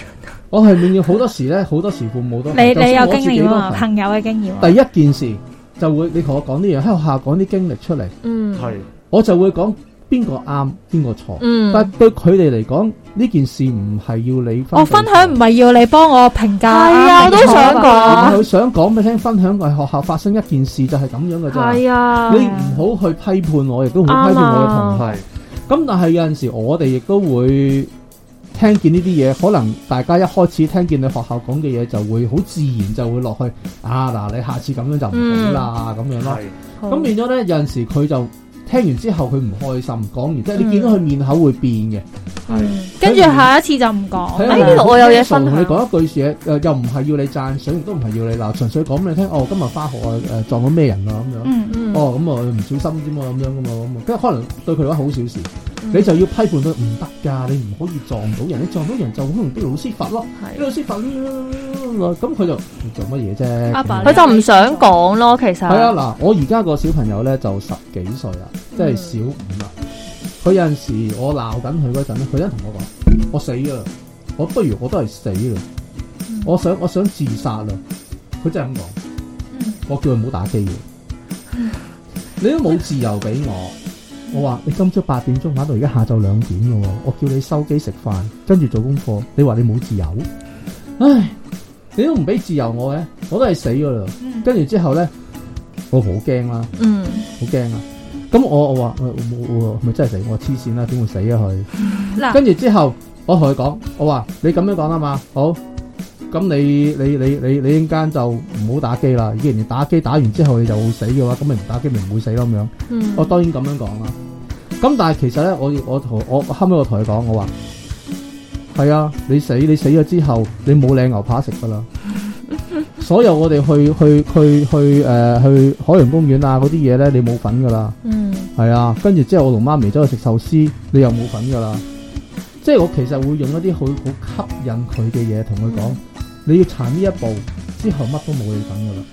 Speaker 2: 我係面對好多時咧，好多時父母都你你有經驗啊，朋
Speaker 3: 友嘅經驗。第
Speaker 2: 一件事就會你同我講啲嘢，喺學校講啲經歷出嚟。嗯，係我就會講。邊個啱，邊個錯？錯，嗯，但對佢哋嚟講，呢件事唔係要你分享。我分享唔係要你幫我評價。係啊，我都想講。佢想講俾聽， 分享係學校發生一件事就係咁樣噶啫。係啊，你唔好去批判我，亦都唔好批判我嘅同學。咁、啊、但係有陣時，我哋亦都會聽見呢啲嘢。可能大家一開始聽見你學校講嘅嘢，就會好自然就會落去。啊嗱，你下次咁樣就唔、嗯、樣好啦，咁樣咯。咁變咗咧，有陣時佢就。聽完之後佢唔開心，講完、嗯、即係你見到佢面口會變嘅，係跟住下
Speaker 3: 一次就唔講。哎，欸、我有嘢
Speaker 2: 同你講一句嘢，誒又唔係要你讚，亦都唔係要你鬧，純粹講俾你聽。哦，今日翻學、呃、啊，誒撞到咩人啊咁樣。嗯嗯。哦，咁啊唔小心啲嘛，咁樣噶嘛，咁啊跟住可能對佢嚟講好少事。你就要批判佢唔得噶，你唔可以撞到人，你撞到人就可能俾老師罰咯。係的，俾老師罰啦，咁佢就做乜嘢啫？佢爸、嗯、就唔想講咯，其實係啊。嗱，我而家個小朋友咧就十幾歲啦，即係小五啦。佢、嗯、有陣時我鬧緊佢嗰陣咧，佢一同我講：我死啊！我不如我都係死啊、嗯！我想我想自殺啦！佢真係咁講。嗯、我叫佢唔好打機 你都冇自由俾我。我話你今朝八點鐘玩到而家下晝兩點嘅，我叫你收機食飯，跟住做功課。你話你冇自由，唉，你都唔俾自由我嘅，我都係死噶啦。跟住、嗯、之後咧，我好驚啦，好驚啊！咁、嗯、我我話我冇，我咪真係死我黐線啦，點會死啊佢？跟住、嗯、之後我同佢講，我話你咁樣講啊嘛，好。咁你你你你你陣間就唔好打機啦，既然打機打完之後你就會死嘅話，咁你唔打機咪唔會死咯咁樣。嗯、我當然咁樣講啦。咁但係其實咧，我我同我後尾我同佢講，我話係啊，你死你死咗之後，你冇靚牛扒食噶啦。 所有我哋去去去去誒去、呃、去海洋公園啊嗰啲嘢咧，你冇份噶啦。係、嗯、啊，跟住之後我同媽咪走去食壽司，你又冇份噶啦。即、就、係、是、我其實會用一啲好好吸引佢嘅嘢同佢講。嗯你要行呢一步之後，乜都冇嘢緊噶啦。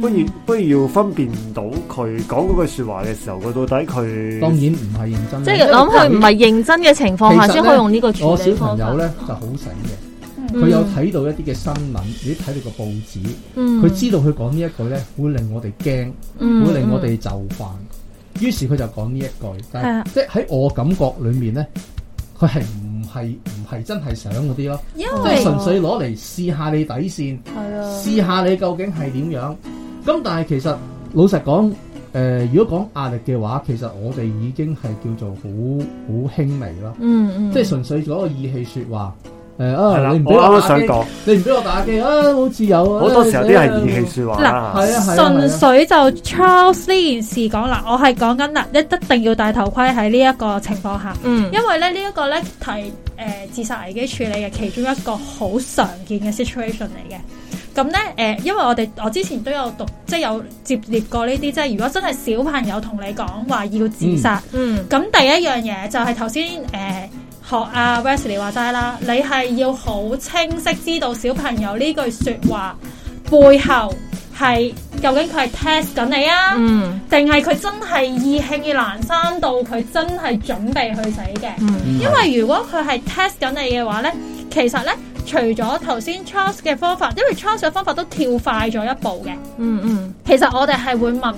Speaker 1: 不如不如要分辨到佢講嗰句說話嘅時候，佢到底佢當然唔係認真。即係諗佢唔係
Speaker 3: 認真嘅情況下，先可以用呢個處理方法。我小朋
Speaker 2: 友咧就好醒嘅，佢有睇到一啲嘅新聞，你睇到個報紙，佢、嗯、知道佢講呢一句咧會令我哋驚，會令我哋、嗯、就範。於、嗯、是佢就講呢一句，但係的即係喺我感覺裏面咧，佢係唔。係唔係真係想嗰啲咯？因為純粹攞嚟試下你底線，試下你究竟係點樣。咁但係其實老實講，誒，如果講壓力嘅話，其實我哋已經係叫做好好輕微咯。嗯嗯，即係純粹做一個意氣說話。誒啊，你唔俾我想講，你唔俾我打機啊，好似有好多時候啲係意氣說話啦。係啊，純粹
Speaker 3: 就 Charles 呢件事講啦，我係講緊啦，一一定要戴頭盔喺呢一個情況下。嗯，因為咧呢一個咧提。誒、呃，自殺危機處理嘅其中一個好常見嘅 situation 嚟嘅。咁呢，誒、呃，因為我哋我之前都有讀，即係有接獵過呢啲，即係如果真係小朋友同你講話要自殺，嗯，嗯，咁第一樣嘢就係頭先誒，學阿、啊、Wesley 話齋啦，你係要好清晰知道小朋友呢句說話背後。係究竟佢係 test 緊你啊？嗯，定係佢真係意興越闌珊到佢真係準備去死嘅？嗯嗯，因為如果佢係 test 緊你嘅話咧，其實咧除咗頭先 choose 嘅方法，因為 choose 嘅方法都跳快咗一步嘅，嗯。嗯
Speaker 4: 嗯。
Speaker 3: 其實我哋係會問，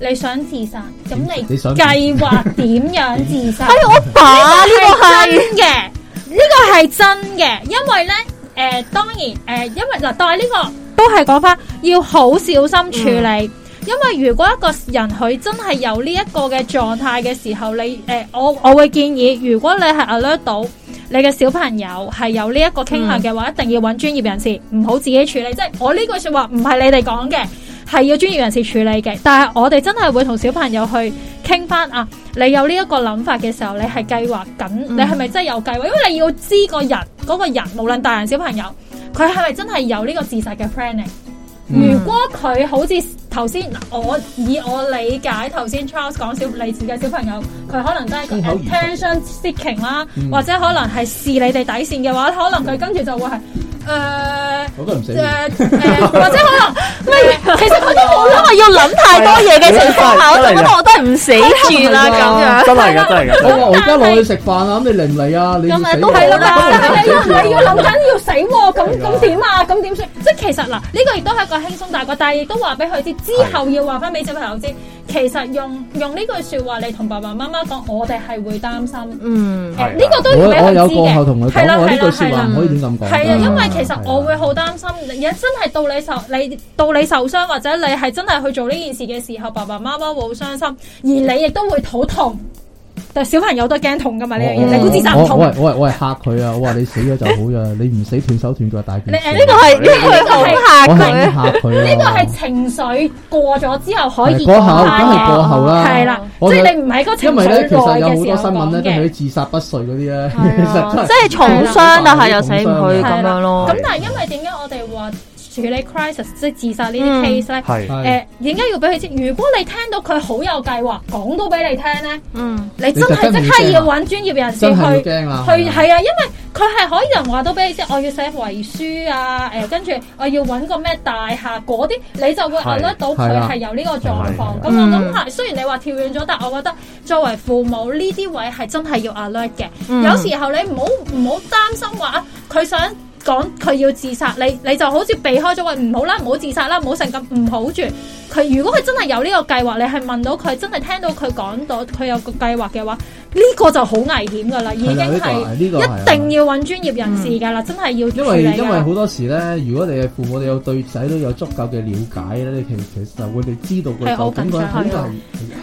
Speaker 3: 你想自殺，咁你，你計劃點樣自殺？ 哎，我話呢個係真嘅，呢個係真嘅，這個，因為咧，誒、呃，當然，誒、呃，因為嗱，但係呢個。都係講翻要好小心處理，嗯、因為如果一個人佢真係有呢一個嘅狀態嘅時候，你誒、呃，我我會建議，如果你係 alert 到你嘅小朋友係有呢一個傾向嘅話，嗯、一定要揾專業人士，唔好自己處理。即、就、係、是、我呢句話說話唔係你哋講嘅。嗯係要專業人士處理嘅，但係我哋真係會同小朋友去傾翻啊。你有呢一個諗法嘅時候，你係計劃緊，你係咪真係有計劃？嗯、因為你要知個人嗰、嗰個人，無論大人小朋友，佢係咪真係有呢個自殺嘅 planning？嗯、如果佢好似。頭先我以我理解頭先 Charles 講小類似嘅小朋友，佢可能都係個 attention seeking 啦，嗯、或者可能係試你哋底線嘅話，可能佢跟住就會係誒誒誒，
Speaker 1: 或
Speaker 3: 者可能唔 其實我都冇
Speaker 4: 諗話要
Speaker 1: 諗太多嘢嘅情況下，我都覺得我
Speaker 2: 都係唔死住啦咁樣。真係
Speaker 1: 㗎，真係㗎。我話
Speaker 2: 我而家落去食飯啊，咁你嚟唔嚟啊？你咁咪都係㗎，但係你唔係要諗緊
Speaker 3: 要死喎，咁咁點啊？咁點算？即係其實嗱，呢、這個亦都係一個輕鬆大個，但係亦都話俾佢知。之後要話翻俾小朋友知，其實用用呢句説話你同爸爸媽媽講，我哋係會擔心。嗯，呢、呃呢個都要俾佢知嘅。我有過後同佢講呢句説話，係啊，因為其實我會好擔心。而家真係到你受你到你受傷或者你係真係去做呢件事嘅時候，爸爸媽媽會好傷心，而你亦都會肚痛。但係小朋友都驚痛噶嘛？呢樣嘢，你估自殺唔痛？我
Speaker 2: 我我我係嚇佢啊！我話你死咗就好咗，你唔死斷手斷腳大件事。
Speaker 3: 你誒，呢個係呢個係恐嚇佢，呢個係情緒過咗之後可以講嘅。過後梗係過後啦，係啦，即係你唔喺嗰個情緒嘅時候講嘅。因為咧，其實有好多新聞咧，都係啲
Speaker 2: 自殺不遂嗰啲咧，即係重傷但係又死唔去咁樣咯。咁但係
Speaker 3: 因為點解我哋話？處理 crisis 即係自殺呢啲 case 咧、嗯，誒，點解、呃、要俾佢知。如果你聽到佢好有計劃，講到俾你聽咧，嗯、你真係即刻要搵專業人士去去係啊的，因為佢係可以人話到俾你知，我要寫遺書啊，誒、呃，跟住我要搵個咩大廈嗰啲，你就會 alert 到佢係有呢個狀況。咁我諗係，雖然你話跳遠咗，但係我覺得作為父母呢啲位係真係要 alert 嘅。嗯、有時候你唔好唔好擔心話佢想。講佢要自殺，你你就好似避開咗喂，唔好啦，唔好自殺啦，唔好成咁唔好住。佢如果佢真係有呢個計劃，你係問到佢，真係聽到佢講到佢有個計劃嘅話，呢個就好危險噶啦，已經係一定要揾專業人士噶啦，真係要因。因為因為好
Speaker 2: 多時咧，如果你嘅父母，你有對仔都有足夠嘅了解咧，你其實其實會你知道佢點解呢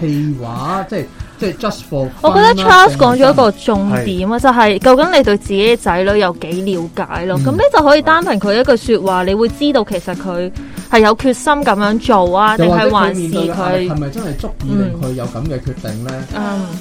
Speaker 2: 係戲話，即係的。即係 just for，我覺得 Charles 講咗一個
Speaker 3: 重點啊，是就係究竟你對自己嘅仔女有幾了解咯？咁咧、嗯、就可以單憑佢一句說話，嗯、你會知道其實佢。係有決心咁樣做啊？定係還是佢係咪真係足以令
Speaker 2: 佢有咁嘅決定咧？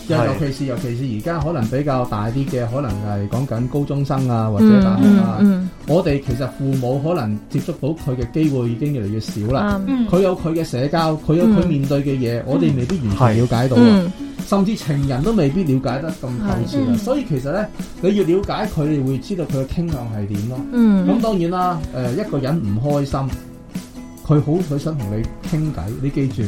Speaker 2: 又、嗯、尤其是尤其是而家可能比較大啲嘅，可能係講緊高中生啊或者大學啊。嗯嗯嗯、我哋其實父母可能接觸到佢嘅機會已經越嚟越少啦。佢、嗯、有佢嘅社交，佢有佢面對嘅嘢，嗯、我哋未必完全了解到、嗯嗯、甚至情人都未必了解得咁透徹。嗯嗯、所以其實咧，你要了解佢，你會知道佢嘅傾向係點咯。咁、嗯嗯、當然啦，誒、呃，一個人唔開心。佢好佢想同你傾偈，你記住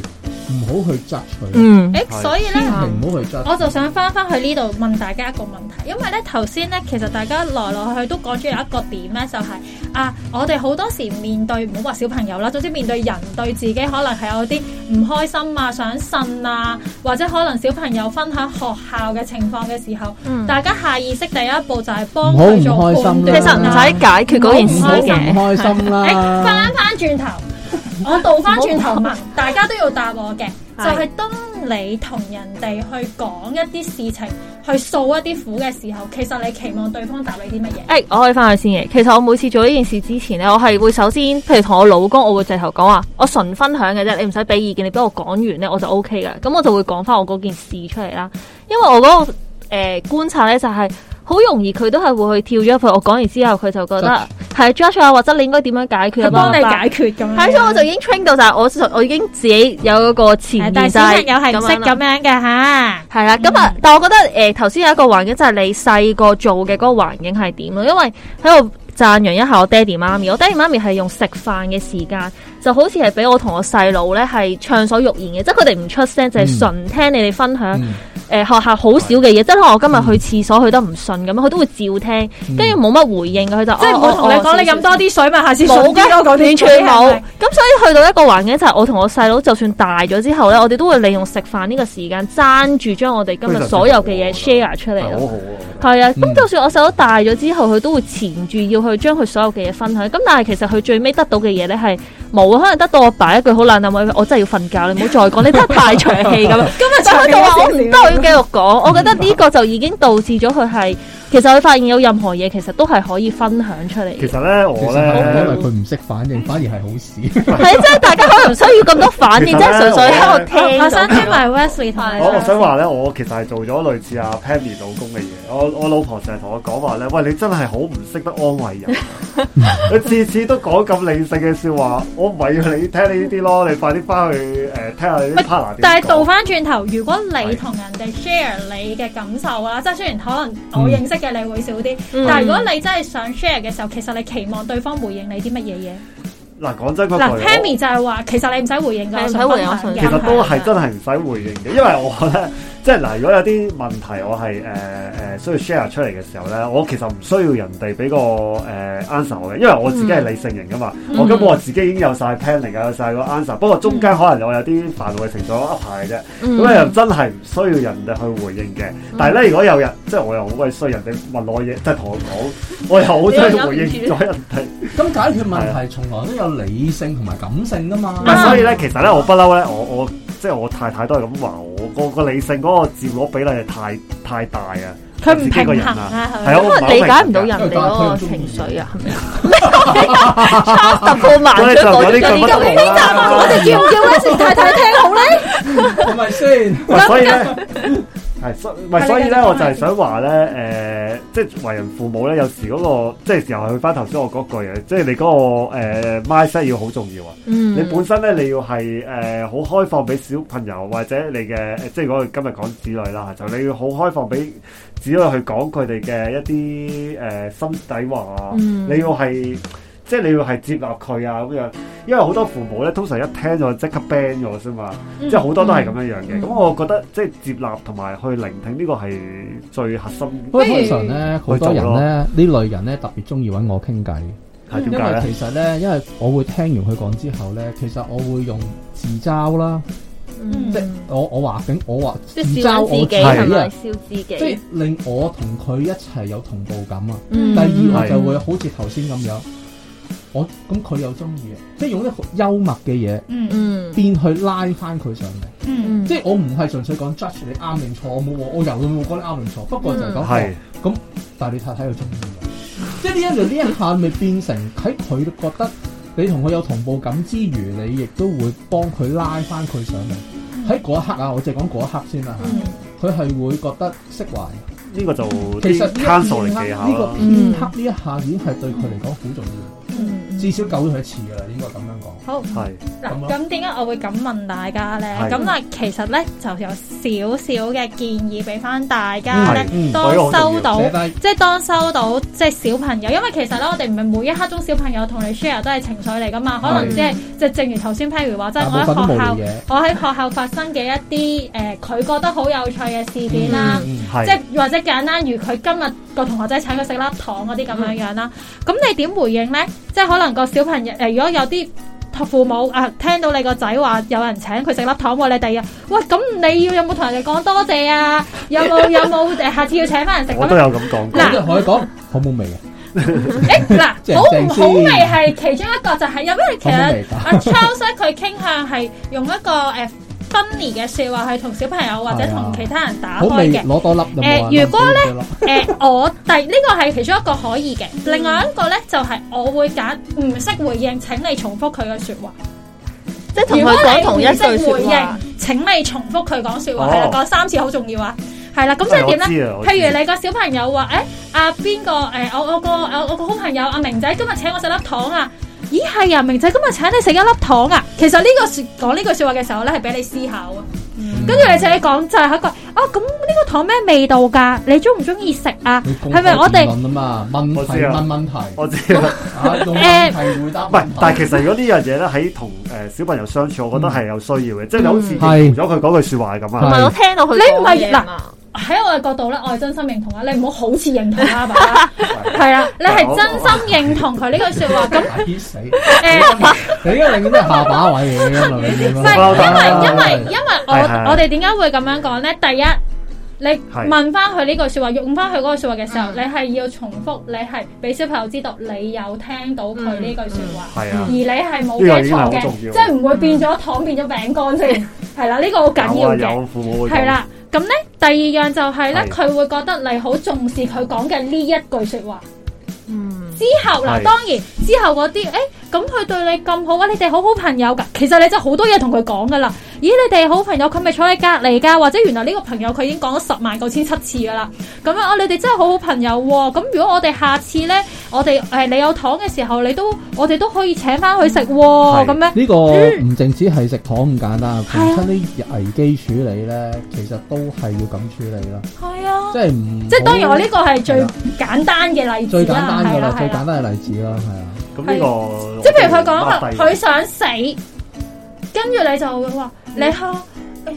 Speaker 2: 唔好去摘佢。嗯，誒，所以咧，千萬唔好去摘。我
Speaker 3: 就想翻返去呢度問大家一個問題，因為咧頭先咧，其實大家來來去去都講咗有一個點咧，就係、是、啊，我哋好多時面對唔好話小朋友啦，總之面對人對自己可能係有啲唔開心啊，想呻啊，或者可能小朋友分享學校嘅情況嘅時候，嗯，大家下意識第一步就係幫佢做判斷，其實唔使解決嗰件事，唔開心啦！翻返轉頭。 我倒翻轉頭問，大家都要答我嘅， 就係當你同人哋去講一啲事情， 去訴一啲苦嘅時候，其實你期望對方答你啲乜嘢？誒，hey, 我可以翻去先嘅。其實我每次做呢件事之前呢，我係會首先，譬如同我老公，我會直頭講話，我純分享嘅啫，你唔使俾意見，你俾我講完呢，我就 O K 噶咁我就會講翻我嗰件事出嚟啦。因為我嗰個誒觀察呢，就係好容易佢都係會去跳咗去。我講完之後，佢就覺得。嗯係 Josh 啊，或者你應該點樣解決啊？佢幫你解決咁、啊。所以我就已經 train 到就，但係我我已經自己有嗰個前提。但小朋友係識咁樣嘅吓，係啦。咁啊，嗯、但係我覺得誒，頭、呃、先有一個環境就係、係、你細個做嘅嗰個環境係點咯，因為喺度讚揚一下我爹哋媽咪，我爹哋媽咪係用食飯嘅時間。就好似係俾我同我細佬咧，係暢所欲言嘅，即係佢哋唔出聲，就係純聽你哋分享。誒，學校好少嘅嘢，即係我今日去廁所去得唔順咁啊，佢都會照聽，跟住冇乜回應嘅，佢就即係冇同你講，你飲多啲水咪下次順啲咯。完全冇咁，所以去到一個環境就係我同我細佬，就算大咗之後咧，我哋都會利用食飯呢個時間爭住將我哋今日所有嘅嘢 share 出嚟咯。係啊，咁就算我細佬大咗之後，佢都會纏住要去將佢所有嘅嘢分享。咁但係其實佢最尾得到嘅嘢咧係。冇啊，可能得到我擺一句好冷淡話，我真係要瞓覺，你唔好再講，你真係太長氣咁。咁啊， 但係我唔得，我要繼續講，我覺得呢個就已經導致咗佢係。其實佢發現有任何嘢，其實都係可以分享出嚟。
Speaker 2: 其實咧，我咧，因為佢
Speaker 1: 唔識反應，反而係好事 。
Speaker 3: 係，即係大家可能唔需要咁多
Speaker 2: 反應，即係
Speaker 1: 純粹喺度聽。我想聽埋
Speaker 3: Westlife。我我想
Speaker 1: 話咧，我其實係做咗類似阿 Penny 老公嘅嘢。我我老婆成日同我講話咧，喂，你真係好唔識得安慰人。 你次次都講咁理性嘅説話，我唔係要你聽你呢啲咯，你快啲翻去誒、呃、聽，聽下你 partner。但係倒
Speaker 3: 翻轉頭，如果你同人哋 share 你嘅感受啦，即係是雖然可能我認識、嗯。嘅你會少啲，嗯、但係如果你真係想 share 嘅時候，其實你期望對方回應你啲乜嘢嘢？
Speaker 1: 嗱，講真句，嗱，Tammy
Speaker 3: 就係話，其實你唔使回應嘅，唔使回應我，是是其實都
Speaker 1: 係真係唔使回應嘅，是是因為我咧。 即係嗱，如果有啲問題我，我係誒誒需要 share 出嚟嘅時候咧，我其實唔需要人哋俾個誒 answer、呃、我嘅，因為我自己係理性人噶嘛，mm hmm. 我根本我自己已經有晒 planning，有晒個 answer。Mm hmm. 不過中間可能我有啲煩惱嘅情緒 up 嚟嘅啫。咁、哦、啊，又、mm hmm. 真係唔需要人哋去回應嘅。但係咧，如果有人，即、就、係、是、我又好鬼衰，人哋問我嘢，即係同我講，我又好想回應咗人哋。
Speaker 2: 咁 解決問題，從來都有理性同埋感性噶嘛。但係，所以咧，其實咧，我
Speaker 1: 不嬲咧，我我。我即係我太太都係咁話，我個個理性嗰個自我比例係太太大啊，佢唔平衡啊，係咯，理解唔到人哋嗰個情緒啊，差十個萬都過，點解點解？我哋叫唔叫 S 太太
Speaker 4: 聽好咧？咁咪先，所以咧？
Speaker 1: 係，所以唔係，所以咧，我就係想話咧，誒、呃，即係為人父母咧，有時嗰個即係時候去翻頭先我嗰句啊，即係你嗰個 mindset 要好重要啊。嗯、你本身咧，你要係誒好開放俾小朋友，或者你嘅即係我今日講子女啦，就你要好開放俾子女去講佢哋嘅一啲誒、呃、心底話、嗯、啊。你要係即係你要係接納佢啊咁樣。因為好多父母咧，通常一聽就即刻 ban 咗啫嘛，即係好多都係咁樣樣嘅。咁我覺得即係接納同埋去聆聽呢個係最核心。通常咧，好多人咧，
Speaker 2: 呢類人咧，特別中意揾我傾偈，
Speaker 1: 係點解咧？因為其
Speaker 2: 實咧，因為我會聽完佢講之後咧，其實我會用自嘲啦，
Speaker 4: 即係
Speaker 2: 我我話緊，我話自嘲自己係啊，笑自己，即係令我同佢一齊有同步感啊。第二，我就會好似頭先咁樣。我咁，佢又中意嘅，即係用一個幽默嘅嘢，變去拉翻佢上嚟，即係我唔係純粹講 judge 你啱定錯，我冇我由佢冇講你啱定錯，不過就係講咁，但係你太太佢中唔中意，即係呢一度呢一下咪變成喺佢覺得你同佢有同步感之餘，你亦都會幫佢拉翻佢上嚟。喺嗰一刻啊，我就講嗰一刻先啦。佢係會覺得釋懷，呢個
Speaker 1: 就其實呢一刻呢個片刻
Speaker 2: 呢一下已經係對佢嚟講好重要。嗯、至少救咗佢一次噶啦，應該咁樣講。好，係嗱
Speaker 3: 是，咁點解我會咁問大家咧？咁但係是，其實咧就有少少嘅建議俾翻大家咧，嗯嗯、當收到，即係、嗯、當收到，即、就、係、是、小朋友，因為其實咧，我哋唔係每一刻中小朋友同你 share 都係情緒嚟噶嘛，可能即係即係，是正如頭先 Perry 話，即係我喺學校，我喺學校發生嘅一啲誒，佢、呃、覺得好有趣嘅事件啦，即係、嗯、是或者簡單如佢今日。個同學仔請佢食粒糖嗰啲咁樣樣啦，咁你點回應咧？即係可能個小朋友誒，如果有啲父母啊，聽到你個仔話有人請佢食粒糖喎，你第二日喂咁你要有冇同人哋講多謝啊？有冇有冇下次要請翻人食？ 樣我都有咁講。
Speaker 2: 嗱啦， 我可以講好冇味嘅。嗱，好唔好味
Speaker 3: 係其中一個就係、是，因為 其實阿、 啊、Charles 佢傾向係用一個誒。 分離嘅說話係同小朋友或者同其他人打開嘅。攞
Speaker 2: 多粒。誒、欸，如果咧，
Speaker 3: 誒、 呃，我第呢個係其中一個可以嘅。另外一個咧就係、是，我會揀唔識回應，請你重複佢嘅說話。即係同佢講同一句說話。請你重複佢講說話，係啦、哦，講三次好重要啊。係啦，咁即係點咧？哎、譬如你個小朋友話：誒、欸，阿、啊、邊個？誒、欸，我我個我個好朋友阿明仔今日請我食粒糖啊！咦係啊，明仔今日請你食一粒糖啊！其實呢個講呢句說話嘅時候咧，係俾你思考、嗯、你啊。跟住你你講就係一個啊，咁呢個糖咩味道噶？你中唔中意食啊？係咪吧我哋
Speaker 1: 們問啊嘛？我 啊問題問問題，我知
Speaker 3: 啦。誒，唔
Speaker 1: 係，但係其實嗰啲嘢咧喺同誒小朋友相處，我覺得係有需要嘅，即係你好似變咗佢嗰句說話咁啊。唔係、嗯、是我聽
Speaker 3: 到佢，你唔係嗱。喺我嘅角度咧，我係真心認同啊！你唔好好似認同爸爸，係 啊！你係真心認同佢呢句説話。咁
Speaker 2: 誒 那，你應該寧願爸爸玩嘢，唔係因為因為因為我是是是，我哋
Speaker 3: 點解會咁樣講咧？第一，你問翻佢呢句説話，用翻佢嗰個説話嘅時候，是是你係要重複，你係俾小朋友知道你有聽到佢呢句説話，是啊、而你係冇記錯嘅，即係唔會變咗糖變咗餅乾先。嗯 係啦，這個啊、呢個好緊要
Speaker 4: 嘅。係啦，
Speaker 3: 咁咧第二樣就係咧，佢是會覺得你好重視佢講嘅呢一句說話。嗯之是，之後嗱，當然之後嗰啲誒。咁佢對你咁好啊，你哋好好朋友噶。其實你真係好多嘢同佢講噶啦。咦、欸，你哋好朋友，佢咪坐喺隔籬噶？或者原來呢個朋友佢已經講咗十萬九千七次噶啦。咁啊，你哋真係好好朋友。咁如果我哋下次咧，我哋誒、哎，你有糖嘅時候，你都我哋都可以請翻佢食。咁是樣呢個唔
Speaker 2: 淨止係食糖咁簡單，本身啲危機處理咧，其實都係要咁處理啦。
Speaker 3: 係啊，即係唔即係當然，我呢個係最簡單嘅例子啦，係啊，最簡單
Speaker 2: 嘅例子啦，係啊。
Speaker 3: 咁
Speaker 1: 即係譬如佢講個，佢
Speaker 3: 想死，跟住你就會話你哈，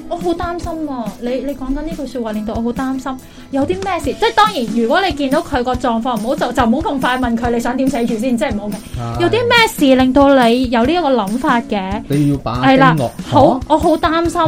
Speaker 3: 我好擔心。你你講緊呢句說話，令到我好擔心。有啲咩事？即係當然，如果你見到佢個狀況唔好，就就唔好咁快問佢，你想點死住先，即係唔好嘅。有啲咩事令到你有呢一個諗法嘅？你
Speaker 4: 要把係啦，好，
Speaker 3: 我好擔心。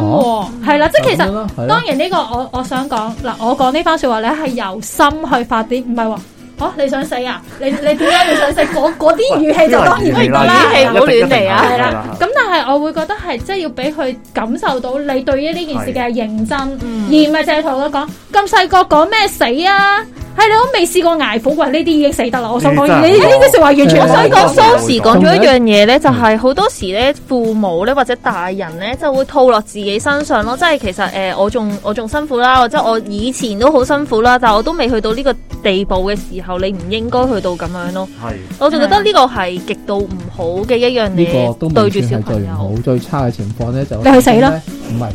Speaker 3: 係啦，即係其實當然呢個，我我想講嗱，我講呢番說話咧，係由心去發啲，唔係話。好、哦、你想死啊？你你點解要想死？嗰啲 語氣就當然多啦，語氣冇亂嚟啊，係啦。咁啦啦但係我會覺得係即係要俾佢感受到你對於呢件事嘅認真，啦而唔係淨係同佢講咁細個講咩死啊！係你，都未試過捱苦，過，呢啲已經死得啦。我想講，你呢啲是話完全。我想講，當時講咗一樣嘢咧，就係好多時咧，父母咧或者大人咧，就會套落自己身上咯。即係其實誒，我仲我仲辛苦啦，或者我以前都好辛苦啦，但係我都未去到呢個地步嘅時候，你唔應該去到咁樣咯。係，我就覺得呢個係極度唔好嘅一樣嘢，對住小朋
Speaker 2: 友最差嘅情況咧，就你去死啦。唔係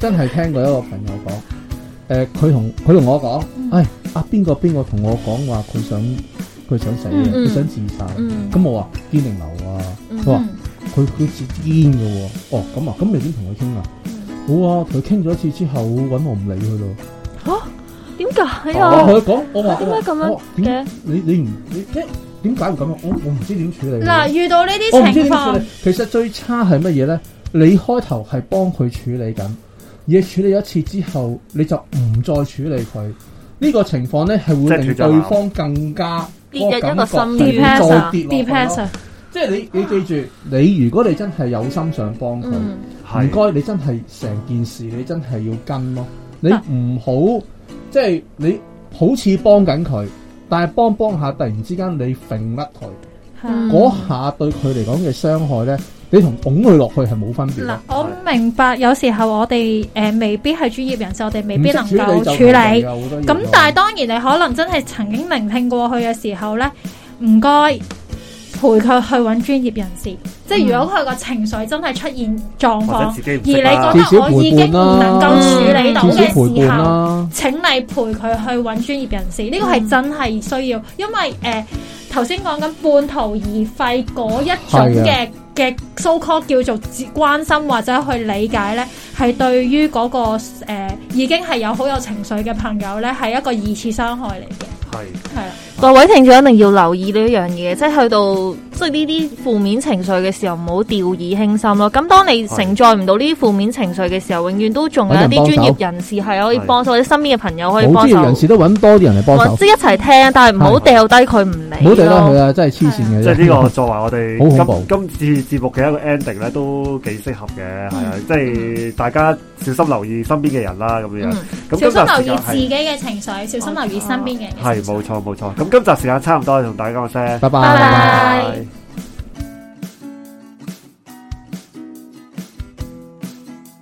Speaker 2: 真係聽過一個朋友講，誒，佢同佢同我講。唉，阿邊個邊個同我講話佢想佢想死佢、嗯嗯、想自殺，咁、嗯、我話堅定留啊！佢話佢佢堅嘅，哦咁啊，咁你點同佢傾啊？好啊，同佢傾咗一次之後，搵我唔理佢咯。吓？
Speaker 3: 點解啊？我
Speaker 2: 同佢講我話，
Speaker 3: 我點解咁樣？你你唔你
Speaker 2: 你？點解會咁樣？我我唔知點處理。嗱，遇到呢啲情況，其實最差係乜嘢咧？你開頭係幫佢處理緊，而處理一次之後，你就唔再處理佢。呢個情況咧，係會令對方更加跌入一個深淵，再跌落去咯。即係你你記住，你如果你真係有心想幫佢，唔該、嗯、你真係成件事你真係要跟咯。你唔好即係你好似幫緊佢，但係幫幫下，突然之間你甩甩佢，嗰、嗯、下對佢嚟講嘅傷害咧，你同拱佢落去係冇分別嘅。
Speaker 3: 明白，有時候我哋誒、呃、未必係專業人士，我哋未必能夠處理。咁但係當然你可能真係曾經聆聽過去嘅時候咧，唔該陪佢去揾專業人士。即係如果佢個情緒真係出現狀況，啊、而你覺得我已經唔能夠處理到嘅時候，少少啊、請你陪佢去揾專業人士。呢、嗯、個係真係需要，因為誒頭先講緊半途而廢嗰一種嘅。嘅 so call 叫做關心或者去理解呢，係對於嗰個，呃，已經係有好有情緒嘅朋友呢，係一個二次傷害嚟嘅，係係是。各位聽眾一定要留意呢一樣嘢，即係去到即係呢啲負面情緒嘅時候，唔好掉以輕心咯。咁當你承載唔到呢啲負面情緒嘅時候，永遠都仲有一啲專業人士係可以幫手，或者身邊嘅朋友可以幫手。專業人
Speaker 2: 士都揾多啲人嚟幫手，即
Speaker 3: 一齊聽，但係唔好掉低佢唔
Speaker 2: 理。唔好掉低佢啊！真係黐線嘅，即係呢個作為我哋
Speaker 1: 今次節目嘅一個 ending 咧，都幾適合嘅。係啊，即係大家小心留意身邊嘅人啦，咁樣。小心留意自己嘅情緒，小心
Speaker 3: 留意身邊
Speaker 1: 嘅人。係，冇錯冇錯。今集時間差唔多，同大家講聲，拜拜拜拜。